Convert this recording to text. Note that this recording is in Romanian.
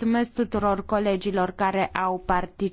Mulțumesc tuturor colegilor care au participat.